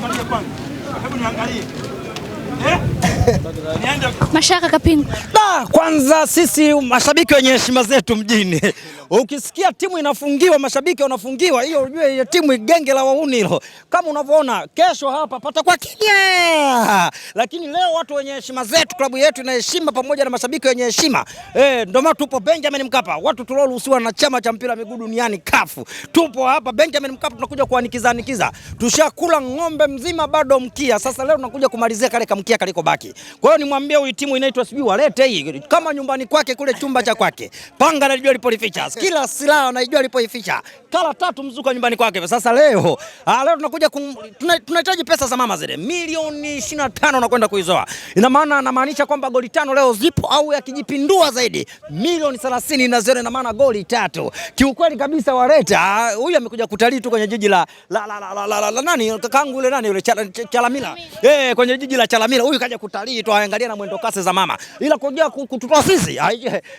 niangalie kwanza, hebu niangalie. Eh? Mashaka Kapingu. Na kwanza sisi mashabiki wenye heshima zetu mjini. Ukisikia timu inafungiwa, mashabiki wanafungiwa, hiyo unajue hiyo timu genge la wauni hilo. Kama unavyoona kesho hapa patakuwa kimya. Lakini leo watu wenye heshima zetu, klabu yetu ina heshima pamoja na mashabiki wenye heshima. Eh, ndio maana tupo Benjamin Mkapa. Watu tulioruhusiwa na chama cha mpira miguu duniani kafu. Tupo hapa Benjamin Mkapa tunakuja kuanikiza nikiza. Tushakula ng'ombe mzima bado mkia. Sasa leo tunakuja kumalizia kale kamkia kufikia kaliko baki. Kwa hiyo nimwambie huyu timu inaitwa sijui walete hii kama nyumbani kwake kule chumba cha kwake. Panga anajua alipolificha. Kila silaha anajua alipoificha. Kala tatu mzuka nyumbani kwake. Sasa leo, ah, leo tunakuja tunahitaji pesa za mama zile. Milioni 25 na kwenda kuizoa. Ina maana anamaanisha kwamba goli tano leo zipo au yakijipindua zaidi milioni 30 na zero, ina maana goli tatu. Kiukweli kabisa waleta ah, huyu amekuja kutalii tu kwenye jiji la la la la la, la, la, nani kakangu yule nani yule Chalamila. Eh, kwenye jiji la chala Samira huyu kaja kutalii tu, aangalia na mwendo kasi za mama, ila kuja kututoa sisi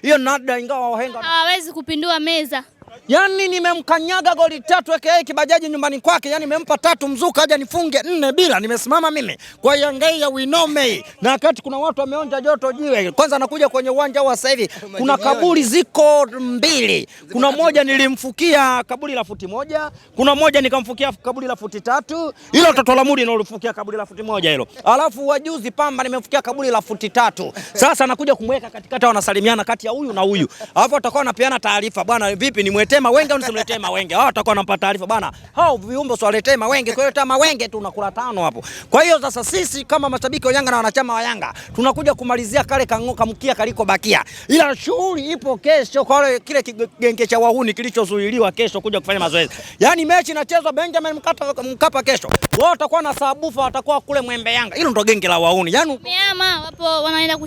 hiyo nada ingawa wahenga hawawezi kupindua meza yani nimemkanyaga goli tatu aka kibajaji nyumbani kwake, yani nimempa tatu mzuka aje nifunge nne bila, nimesimama mimi kwa yangai ya winome, na wakati kuna watu wameonja joto jiwe. Kwanza nakuja kwenye uwanja wa sasa hivi kuna kaburi ziko mbili, kuna moja nilimfukia kaburi la futi moja, kuna moja nikamfukia kaburi la futi tatu. Hilo toto la muri nilifukia kaburi la futi moja hilo, alafu wajuzi pamba nimefukia kaburi la futi tatu. Sasa nakuja kumweka katikati, wanasalimiana kati ya huyu na huyu, alafu atakuwa anapeana taarifa, bwana vipi, nimwete mawenge au nisimletee mawenge? Hao ah, watakuwa wanapata taarifa bana, hao viumbe usiwaletee mawenge. Kwa hiyo hata mawenge tu unakula tano hapo. Kwa hiyo sasa sisi kama mashabiki wa Yanga na wanachama wa Yanga tunakuja kumalizia kale kangoka mkia kaliko bakia, ila shughuli ipo kesho kwa wale kile kigenge cha wahuni kilichozuiliwa kesho kuja kufanya mazoezi. Yani mechi inachezwa Benjamin Mkapa, Mkapa kesho wao watakuwa na sabufa, watakuwa kule Mwembe Yanga. Hilo ndo genge la wahuni yani miama wapo wanaenda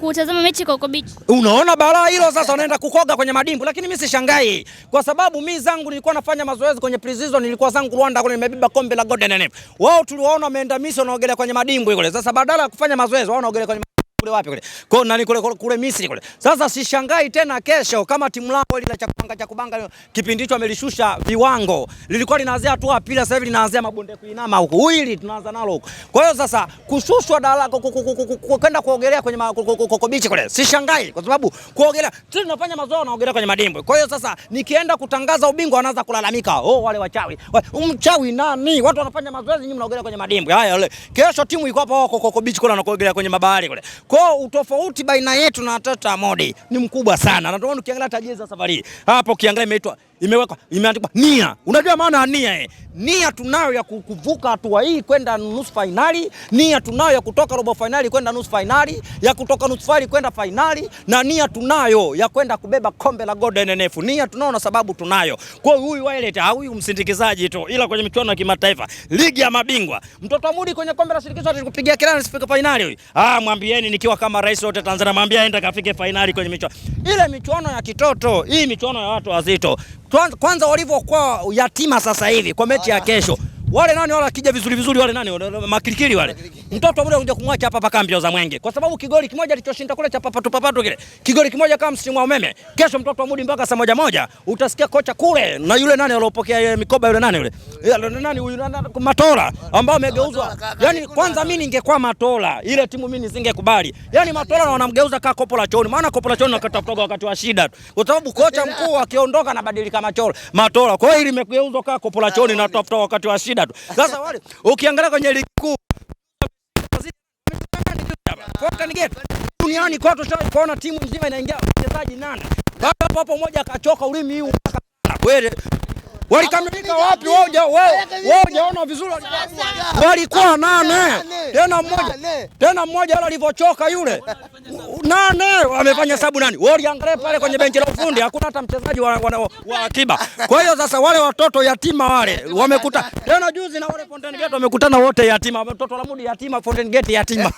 kutazama mechi kwa Koko Beach. Unaona balaa hilo sasa, wanaenda kukoga kwenye madimbu, lakini mimi sishangai kwa sababu mi zangu nilikuwa nafanya mazoezi kwenye preseason, nilikuwa zangu Rwanda kule, nimebeba kombe la Golden Nene. Wao tuliwaona wameenda Misri wanaogelea kwenye madimbwi kule. Sasa badala ya kufanya mazoezi wao wanaogelea kwenye kule wapi kule kwa nani kule kule kule Misri kule. Sasa sishangai tena kesho kama timu lao ile la chakupanga cha kubanga kipindi hicho amelishusha viwango. Lilikuwa linaanzia tu apili, sasa hivi linaanzia mabonde kuinama huko. Hili tunaanza nalo huko. Kwa hiyo sasa kushushwa dala kwenda kuogelea kwenye kokobichi kule. Sishangai kwa sababu kuogelea tu tunafanya mazoea na naogelea kwenye madimbwi. Kwa hiyo sasa nikienda kutangaza ubingwa wanaanza kulalamika. Oh, wale wachawi. Mchawi nani? Watu wanafanya mazoezi nyinyi mnaogelea kwenye madimbwi. Haya, yule. Kesho timu iko hapo kokobichi kule na kuogelea kwenye mabahari kule. Kwa utofauti baina yetu na wa Modi ni mkubwa sana, na ndio ukiangalia tajiri za safari hapo ukiangalia imeitwa imewekwa imeandikwa nia. Unajua maana ya nia eh? Nia tunayo ya kuvuka hatua hii kwenda nusu fainali, nia tunayo ya kutoka robo fainali kwenda nusu fainali, ya kutoka nusu fainali kwenda fainali, na nia tunayo ya kwenda kubeba kombe la Gold NNF. Nia tunayo na sababu tunayo. Kwa hiyo huyu Wailete au huyu msindikizaji tu, ila kwenye michuano ya kimataifa, ligi ya mabingwa, mtoto amudi kwenye kombe la shirikisho atakupigia kelele asifike fainali huyu. Ah, mwambieni nikiwa kama rais wote Tanzania, mwambie aende kafike fainali kwenye michuano ile, michuano ya kitoto hii, michuano ya watu wazito kwanza walivyokuwa yatima sasa hivi kwa mechi ya kesho, wale nani wale akija vizuri vizuri wale nani makilikili makirikiri wale mtoto ule unje kumwacha hapa paka mbio za mwenge, kwa sababu kigoli kimoja alichoshinda kule cha papatu papatu kile kigoli kimoja kama msimu wa umeme. Kesho mtoto amudi mpaka saa moja moja utasikia kocha kule na yule nani aliyopokea mikoba yule nani yule yule nani huyu Matola ambao amegeuzwa. Yani kwanza mimi ningekuwa Matola ile timu mimi nisingekubali. Yani Matola na wanamgeuza kaka kopo la chooni, maana kopo la chooni wakatafutoka wakati wa shida kwa sababu kocha mkuu akiondoka anabadilika Matola Matola. Kwa hiyo ile imegeuzwa kaka kopo la chooni na tafuta wakati wa shida tu. Sasa wale ukiangalia kwenye ligi kuu Foka Nigeto duniani kote ushawahi kuona timu nzima inaingia wachezaji nane? Baba hapo mmoja akachoka ulimi huu wewe Walikamilika wapi? Wewe wewe? hujaona vizuri, walikuwa nane, tena mmoja tena mmoja yule alivyochoka yule nane, wamefanya hesabu nani? Wewe uliangalia pale kwenye benchi la ufundi, hakuna hata mchezaji wa, wa, wa akiba. Kwa hiyo sasa wale watoto yatima wale wamekuta tena juzi na wale Fountain Gate wamekutana wote yatima, watoto la mudi yatima, Fountain Gate yatima.